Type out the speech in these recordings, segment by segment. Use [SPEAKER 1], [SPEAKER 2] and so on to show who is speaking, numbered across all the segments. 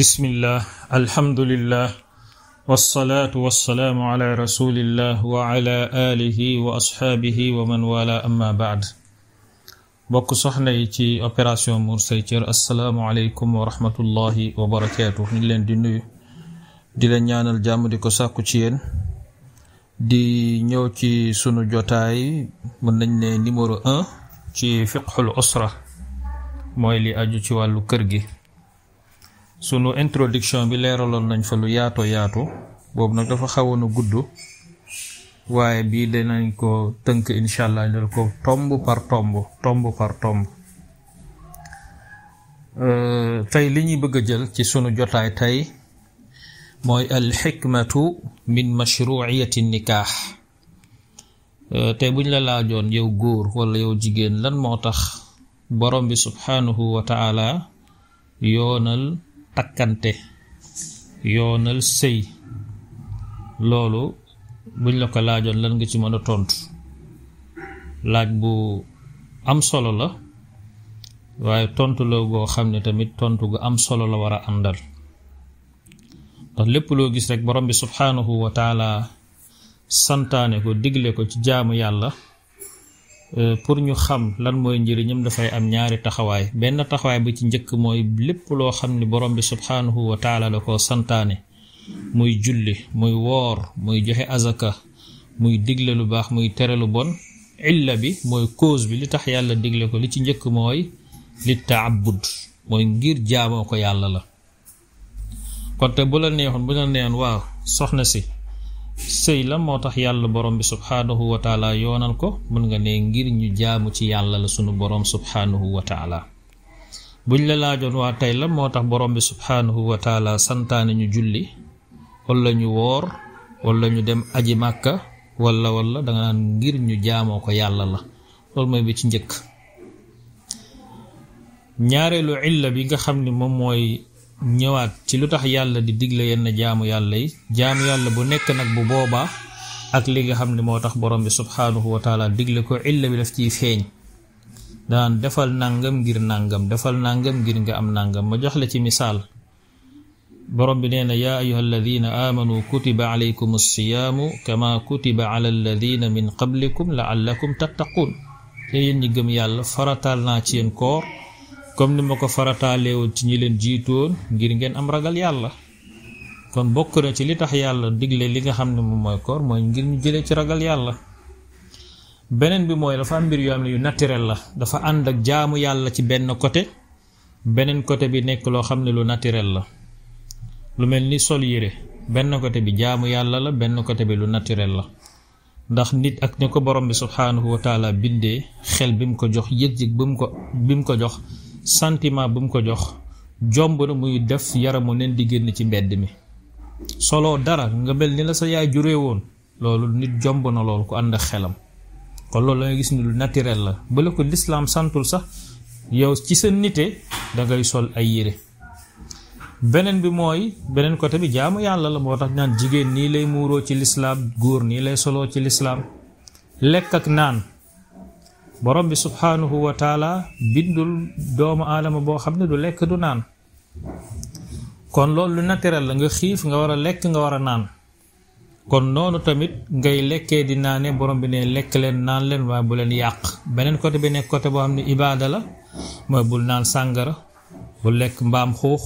[SPEAKER 1] بسم الله الحمد لله والصلاة والسلام على رسول الله وعلى آله وأصحابه ومن والاه أما بعد بك صحنا يتي أوبراسيون مرسيتر السلام عليكم ورحمة الله وبركاته نلين دي نيو دي لنيان الجام دي كساكو تيين دي نيو تي سنو جوتاي من نيمورو 1 تي فقه الأسرة مويلي أجو تي كرغي sunu introduction bi leeraloon nañ fa lu yaato yaatu boobu nag dafa xawoon a gudd waaye bii dinañ ko tënk incha allah ñu ko tomb par tomb tomb par tomb euh, tey li ñuy bëgg a jël ci sunu jotaay tey mooy al xikmatu min mashruiyati nikaax euh, tey buñ la laajoon yow góor wala yow jigéen lan moo tax borom bi subhanahu wa yoonal takkante yoonal sëy loolu buñ la ko laajoon lan nga ci mën a tontu laaj bu am solo la waaye tontu la goo xam ne tamit tontu gu am solo la war a àndal ndax lépp loo gis rekk borom bi subhaanahu wa taala santaane ko digle ko ci jaamu yàlla Euh, pour ñu xam lan mooy njëriñam dafay am ñaari taxawaay benn taxawaay bi ci njëkk mooy lépp loo xam ni borom bi subhaanahu wa taala da koo santaane muy julli muy woor muy joxe azaka muy digle lu baax muy tere lu bon illa bi mooy cause bi li tax yàlla digle ko li ci njëkk mooy li taabud mooy ngir jaamoo ko yàlla la kon te bu la neexoon bu la neexoon waaw soxna si sëy la moo tax yàlla borom bi subhanahu wa taala yoonal ko mun nga ne ngir ñu jaamu ci yàlla la sunu borom subhanahu wa taala buñ la laajoon waa tey la moo tax borom bi subhanahu wa taala santaane ñu julli wala ñu woor wala ñu dem aji màkka wala wala da nga naan ngir ñu jaamoo ko yàlla la loolu mooy bi ci njëkk ñaareelu illa bi nga xam ni moom mooy ñëwaat ci lu tax yàlla di digle yenn jaamu yàlla yi jaamu yàlla bu nekk nag bu boobaa ak li nga xam ne moo tax borom bi subhaanahu wa taala digle ko illa bi daf ciy feeñ daan defal nàngam ngir nàngam defal nàngam ngir nga am nàngam ma jox la ci misaal borom bi nee na yaa ayuha alladina aamanu kutiba alaykum alsiyaamu kama kutiba ala alladina min qablikum laallakum tattaquun te yéen gëm yàlla faratal naa ci yéen koor comme ni ma ko farataale ci ñi leen jiitoon ngir ngeen am ragal yàlla kon bokk na ci li tax yàlla digle li nga xam ne moom mooy kor mooy ngir ñu jëlee ci ragal yàlla beneen bi mooy dafa am mbir yoo xam ne yu naturel la dafa ànd ak jaamu yàlla ci benn côté beneen côté bi nekk loo xam ne lu naturel la lu mel ni sol yére benn côté bi jaamu yàlla la benn côté bi lu naturel la ndax nit ak ni ko borom bi subhaanahu wa taala bindee xel bi mu ko jox yëg-yëg bi ko bi ko jox santiment bu mu ko jox jomb na muy def yaramu neen di génn ci mbedd mi solo dara nga mel ni la sa yaay jure woon loolu nit jomb na loolu ku ànd ak xelam kon loolu la nga gis ni lu naturel la ba la ko lislaam santul sax yow ci sa nite dangay sol ay yére beneen bi mooy beneen côté bi jaamu yàlla la moo tax naan jigéen nii lay muuroo ci lislaam góor nii lay soloo ci lislaam lekk ak naan borom bi subhaanahu wa taala bindul doomu aadama boo xam ne du lekk du naan kon loolu lu naturel la nga xiif nga war a lekk nga war a naan kon noonu tamit ngay lekkee di naane borom bi ne lekk leen naan leen waaye bu leen yàq beneen côté bi nekk côté boo xam ne ibaada la mooy bul naan sàngara bu lekk mbaam xuux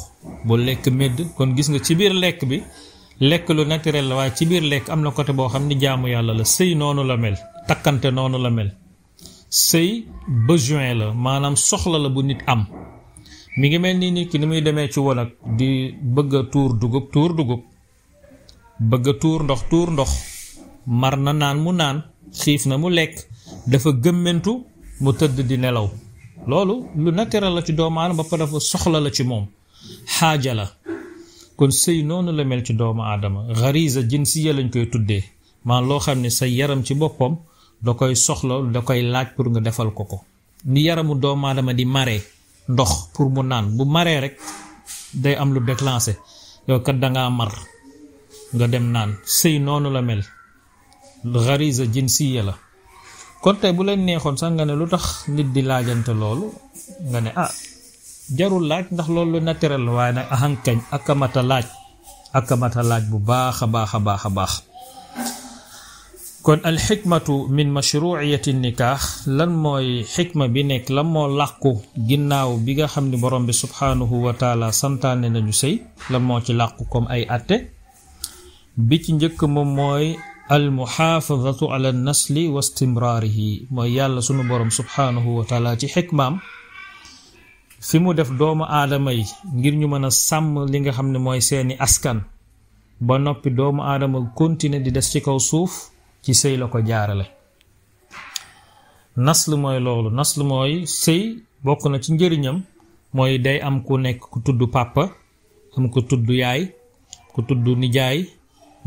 [SPEAKER 1] bu lekk medd kon gis nga ci biir lekk bi lekk lu naturel la waaye ci biir lekk am na côté boo xam ne jaamu yàlla la sëy noonu la mel takkante noonu la mel sëy besoin la maanaam soxla la bu nit am mu ngi mel ni nit ki ni muy demee ci wanag di bëgg tuur dugub tuur dugub bëgg tuur ndox tuur ndox mar na naan mu naan xiif na mu lekk dafa gëmmentu mu tëdd di nelaw loolu lu naturel la ci doomu aadama ba dafa soxla la ci moom xaaja la kon sëy noonu la mel ci doomu aadama xarisa jinsiya lañ koy tuddee maan loo xam ne sa yaram ci boppam da koy soxla da koy laaj pour nga defal ko ko ni yaramu di mare ndox pour mu naan bu maré rek day am lu déclencher yow kat da nga mar nga dem naan sey nonu la mel xarisa jinsiya la kon tay bu len neexon sax nga ne lutax nit di lajante lolu nga ne ah jarul laaj ndax lolu naturel way nak nag akamata laaj akamata laaj bu bah, baakha baakha baakha kon alxikmatu min mashruuciyati nikaax lan mooy xikma bi nekk lan moo làqu ginnaaw bi nga xam ni borom bi subxaanahu wa taala santaane nañu sëy lan moo ci làqu comme ay àtte bi ci njëkk moom mooy almuxaafadatu ala nasli wa yi mooy yàlla sunu borom subxaanahu wa ci xikmaam fi mu def doomu aadama yi ngir ñu mën a sàmm li nga xam ne mooy seeni askan ba noppi doomu aadama continuer di des ci kaw suuf ci sëy la ko jaarale nasl mooy loolu nas nasl mooy sëy bokk na ci njëriñam mooy day am ku nekk ku tudd pàppa am ko tudd yaay ku tudd nijaay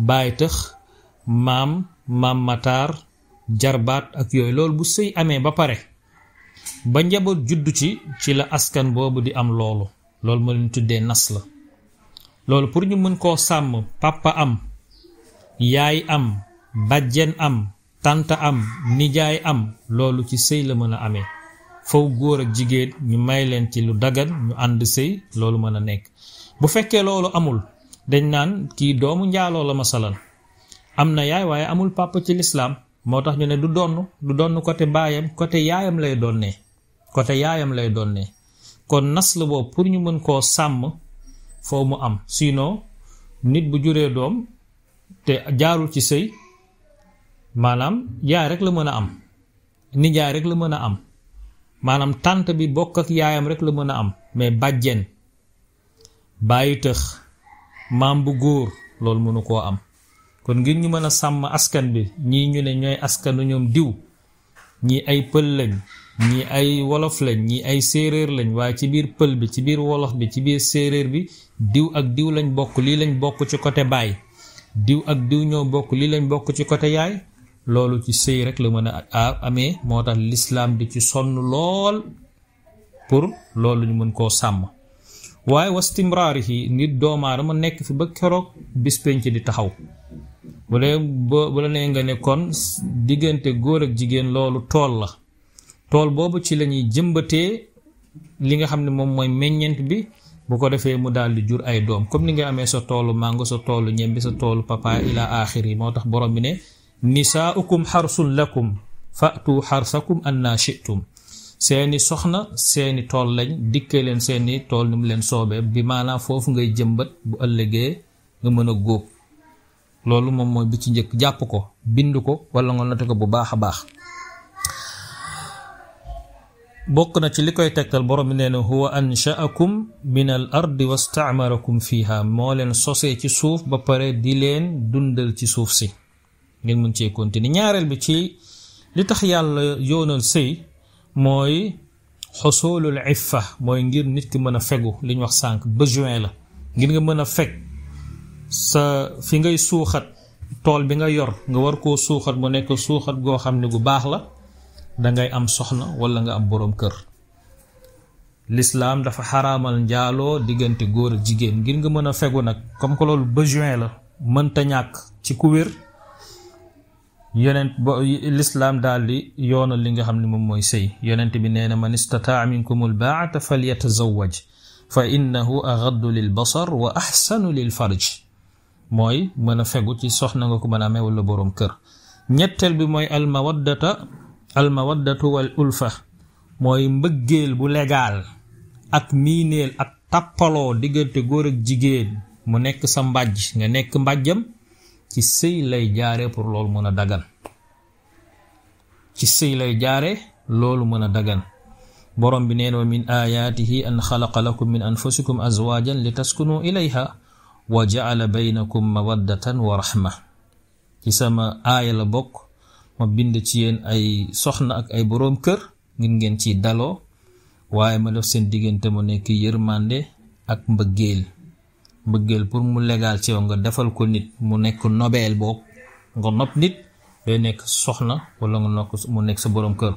[SPEAKER 1] baay tëx maam maam mataar jarbaat ak yooyu loolu bu sëy amee ba pare ba njaboot juddu ci ci la askan boobu di am loolu loolu moo leen tuddee nasl loolu pour ñu mën koo sàmm pàppa am yaay am bàjjen am tànta am nijaay am loolu ci sëy la mën a amee fow góor ak jigéen ñu may leen ci lu dagan ñu ànd sëy loolu mën a nekk bu fekkee loolu amul dañ naan kii doomu njaaloo la masalan am na yaay waaye amul papa ci lislaam moo tax ñu ne du donn du donn côté baayam côté yaayam lay donnee côté yaayam lay donne kon nas la boobu pour ñu mën koo sàmm foo mu am sinon nit bu juree doom te jaarul ci sëy maanaam yaay rek la mën a am nijaay rek la mën a am maanaam tànt bi bokk ak yaayam rek la mën a am mais bàjjen bàyyi tëx maam bu góor loolu mënu koo am kon ngir ñu mën a sàmm askan bi ñii ñu ne ñooy askanu ñoom diw ñii ay pël lañ ñii ay wolof lañ ñii ay séeréer lañ waaye ci biir pël bi ci biir wolof bi ci biir séeréer bi diw ak diw lañ bokk lii lañ bokk ci côté baay diw ak diw ñoo bokk lii lañ bokk ci côté yaay loolu ci sëy rek la mën a amee moo tax lislaam di ci sonn lool pour loolu ñu mën koo sàmm waaye wastimraarihi nit ma nekk fi ba keroog bis penc di taxaw bu dee bu la nee nga ne kon diggante góor ak jigéen loolu tool la tool boobu ci lañuy jëmbatee li nga xam ne moom meññent bi bu ko defee mu daal di jur ay doom comme ni nga amee sa toolu mango sa toolu ñembi sa toolu papa ila akhiri moo tax borom bi ne nisaa'ukum xarsun lakum fa'tu xarsakum anna shi'tum seeni soxna seeni tool lañ dikkee leen seeni tool ni mu leen soobee bi maanaam foofu ngay jëmbat bu ëllëgee nga mën a góob loolu moom mooy bi ci njëkk jàpp ko bind ko wala nga note ko bu baax a baax bokk na ci li koy tegtal borom bi nee na huwa anshaakum min al ardi wastaamarakum fiha moo leen sosee ci suuf ba pare di leen dundal ci suuf si ngeen mën cee continuer ñaareel bi ci li tax yàlla yoonal sëy mooy xusulul iffa mooy ngir nit ki mën a fegu li ñu wax sànq besoin la ngir nga mën a feg sa fi ngay suuxat tool bi nga yor nga war koo suuxat mu nekk suuxat goo xam gu baax la ngay am soxna wala nga am borom kër lislaam dafa xaraamal njaaloo diggante góor ak jigéen ngir nga mën a fegu nag comme que loolu besoin la mënta ñàkk ci ku yonent daal di yoonal li nga xam ne moom mooy sëy yonent bi nee na man istataa minkum al fal yatazawaj fa innahu agaddu lil basar wa axsanu lil farj mooy mën a fegu ci soxna nga ko mën a amee boroom kër ñetteel bi mooy al mawaddata al mawaddatu wal ulfa mooy mbëggeel bu legal ak miineel ak tappaloo diggante góor ak jigéen mu nekk sa mbàjj nga nekk mbàjjam ci sëy lay jaare pour loolu mën a dagan ci sëy lay jaare loolu mën a dagan borom bi neen wa min ayaatihi an xalaqa lakum min anfusikum azwaajan li taskunu ilayha wa jaala baynakum mawaddatan wa raxma ci sama aaya la bokk ma bind ci yéen ay soxna ak ay boroom kër ngir ngeen ci daloo waaye ma def seen diggante mu nekk yërmande ak mbëggeel mbëggeel pour mu légal ci yow nga defal ko nit mu nekk nobeel boobu nga nopp nit day nekk soxna wala nga nokk mu nekk sa borom kër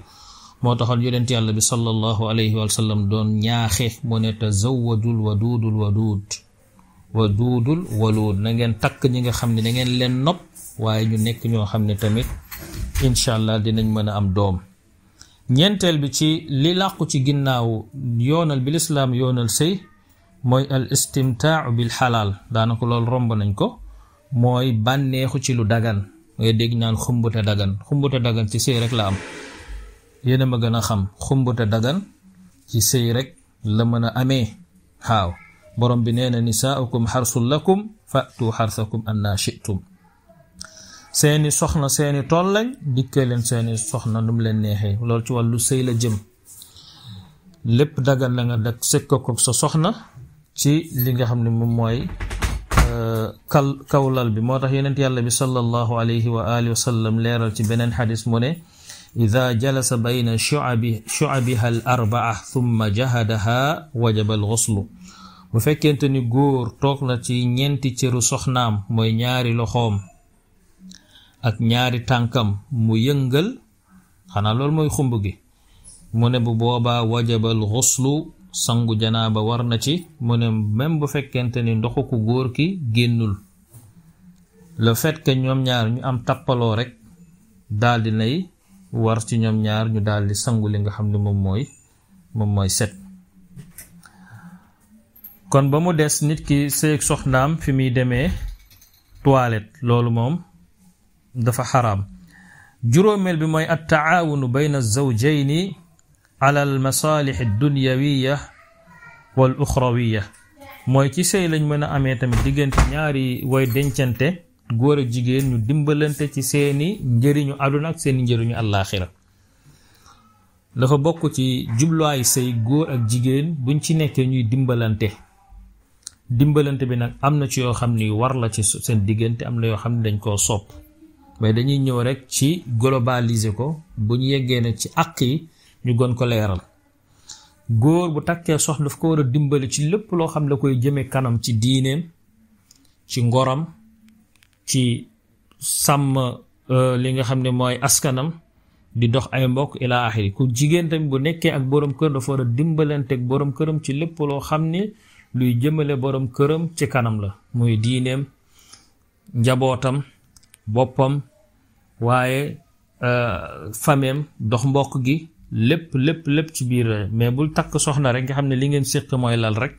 [SPEAKER 1] moo taxoon yonent yàlla bi sallallahu alayhi wa sallam doon ñaaxe mu ne tazawwadul wadudul wadud waduudul waluud na ngeen takk ñi nga xam ne da ngeen leen nopp waaye ñu nekk ñoo xam ne tamit incha allah dinañ mën a am doom ñeenteel bi ci li ci ginnaaw yoonal bi lislaam yoonal sëy mooy al istimtaacu bil xalaal daanaka loolu romb nañ ko mooy bànneexu ci lu dagan nga dégg naan xumbute dagan xumbute dagan ci sëy rek la am yéena ma gën a xam xumbute dagan ci sëy rek la mën a amee xaaw borom bi nee na nisaaukum xarsul lakum fatu xarsakum anna shitum seeni soxna seeni tool lañ dikkee leen seeni soxna nu mu leen neexee lool ci wàllu sëy la jëm lépp dagan la nga dak sëkk ko sa soxna ci li nga xam ne moom mooy euh, kal kawlal bi moo tax yonent yàlla bi sallallahu alayhi wa alihi wa sallam leeral ci beneen xadis mu ne ida jalasa bayna shuabi shuabiha al arbaa thumma jahadaha wajaba al xuslu bu fekkente ni góor toog na ci ñeenti cëru soxnaam mooy ñaari loxoom ak ñaari tànkam mu yëngal xanaa loolu mooy xumb gi mu ne bu boobaa wajabal sangu janaa ba war na ci mu ne même bu fekkente ni ndoxu ku góor ki génnul le fait que ñoom ñaar ñu am tappaloo rek daldi nay war ci ñoom ñaar ñu daldi sangu li nga xam ne moom mooy moom mooy set kon ba mu des nit ki seeg soxnaam fi muy demee toilette loolu moom dafa xaraam juróomeel bi mooy at taawunu bayna zawjayni ala al masalih dunyawiya wal uxrawiya mooy ci sëy lañ mën a amee tamit diggante ñaari way dencante góor ak jigéen ñu dimbalante ci seeni njëriñu àdduna ak seeni njëriñu àllaaxira dafa bokk ci jubluwaay sëy góor ak jigéen buñ ci nekkee ñuy dimbalante dimbalante bi nag am na ci yoo xam ni war la ci seen diggante am na yoo xam ne dañ koo sopp mais dañuy ñëw rek ci globaliser ko bu ñu yeggee ne ci àq yi ñu gën ko leeral góor bu takkee soxna daf ko war a dimbali ci lépp loo xam ne la koy jëme kanam ci diineem ci ngorom ci sàmm euh, li nga xam ne mooy askanam di dox ay mbokk ila axiri ku jigéen tamit bu nekkee ak boroom kër dafa war a dimbalanteeg boroom këram ci lépp loo xam ne luy jëmale boroom këram ci kanam la muy diineem njabootam boppam waaye euh, fameem dox mbokk gi lépp lépp lépp ci biir mais bul takk soxna rek nga xam ne li ngeen séq mooy lal rek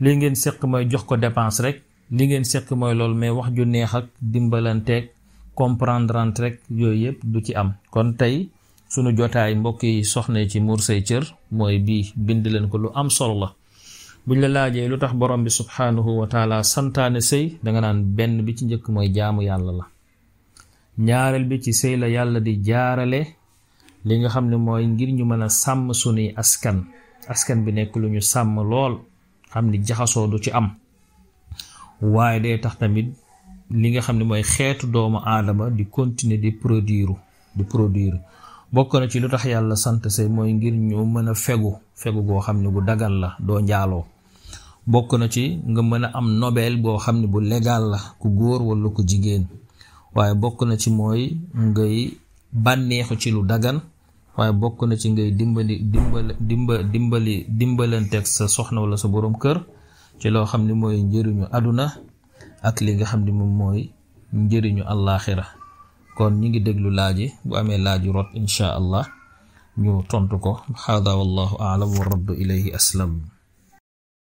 [SPEAKER 1] li ngeen séq mooy jox ko dépense rek li ngeen séq mooy loolu mais wax ju neex ak dimbalanteeg comprendre rek yooyu yëpp du ci am kon tey sunu jotaay mbokk yi soxna ci muur say cër mooy bii bind leen ko lu am solo la buñ la laajee lu tax borom bi subhaanahu wa taala santaane sëy danga naan benn bi ci njëkk mooy jaamu yàlla la ñaareel bi ci sëy la yàlla di jaarale li nga xam ne mooy ngir ñu mën a sàmm sunuy askan askan bi nekk lu ñu sàmm lool xam ni jaxasoo du ci am waaye day tax tamit li nga xam ne mooy xeetu doomu aadama di continuer di produiru di produire bokk na ci lu tax yàlla sant se mooy ngir ñu mën a fegu fegu goo xam ne bu dagan la doo njaaloo bokk na ci nga mën a am nobel boo xam ne bu legal la ku góor walla ku jigéen waaye bokk na ci mooy ngay bànneexu ci lu dagan waaye bokk na ci ngay dimbali dimbal dimba dimbali dimbalanteeg sa soxna wala sa boroom kër ci loo xam ne mooy njëriñu àdduna ak li nga xam ni moom mooy njëriñu àllaaxira kon ñi ngi déglu laaji bu amee laaji rot insha allah ñu tontu ko hada wallahu aalam wa raddu ilayhi aslam